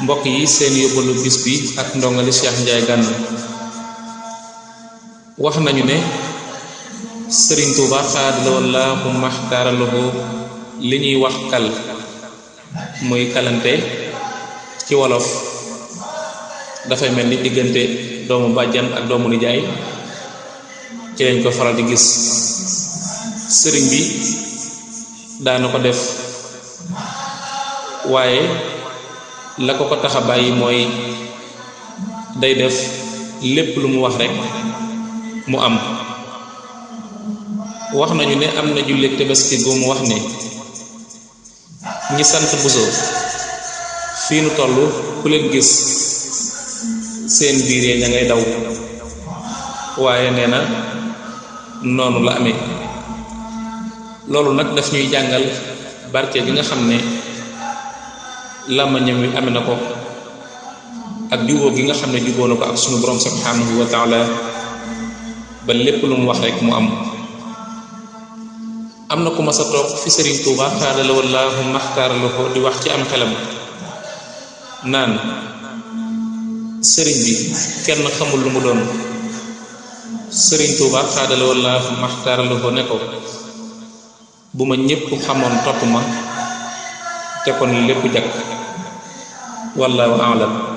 mbokk yi seen yóbbalu bis bi ak ndongali Cheikh Ndiaye Gana wax nañu ne Serigne Touba xaadala wallaahu maxtaaralahu li ñuy wax kal muy kalante ci wolof dafay mel ni diggante doomu bàjjan ak doomu nijaay ci lañ ko faral di gis sëriñ bi daana ko def waaye la ko ko tax a bàyyi mooy day def lépp lu mu wax rek mu am wax nañu ne am na julleek tabaski gu mu wax ne ñi sant buso fii nu toll ku leen gis seen biiree ña ngay daw waaye nee na noonu la amee loolu nag daf ñuy jàngal barke bi nga xam ne làmmañam wi amee na ko ak jubóo gi nga xam ne jubóo na ko ak sunu borom subhanahu wa taala ba lépp lu mu wax rek mu am am na ku mas a toog fi sëriñ Tuuba xaadala wallaahu maxtaara ko di wax ci am xelam naan sëriñ bi kenn xamul lu mu doon sëriñ Tuuba xaadala la ko ne ko bu ma ñépp xamoon topp ma te kon lépp jàkk wallaahu aalam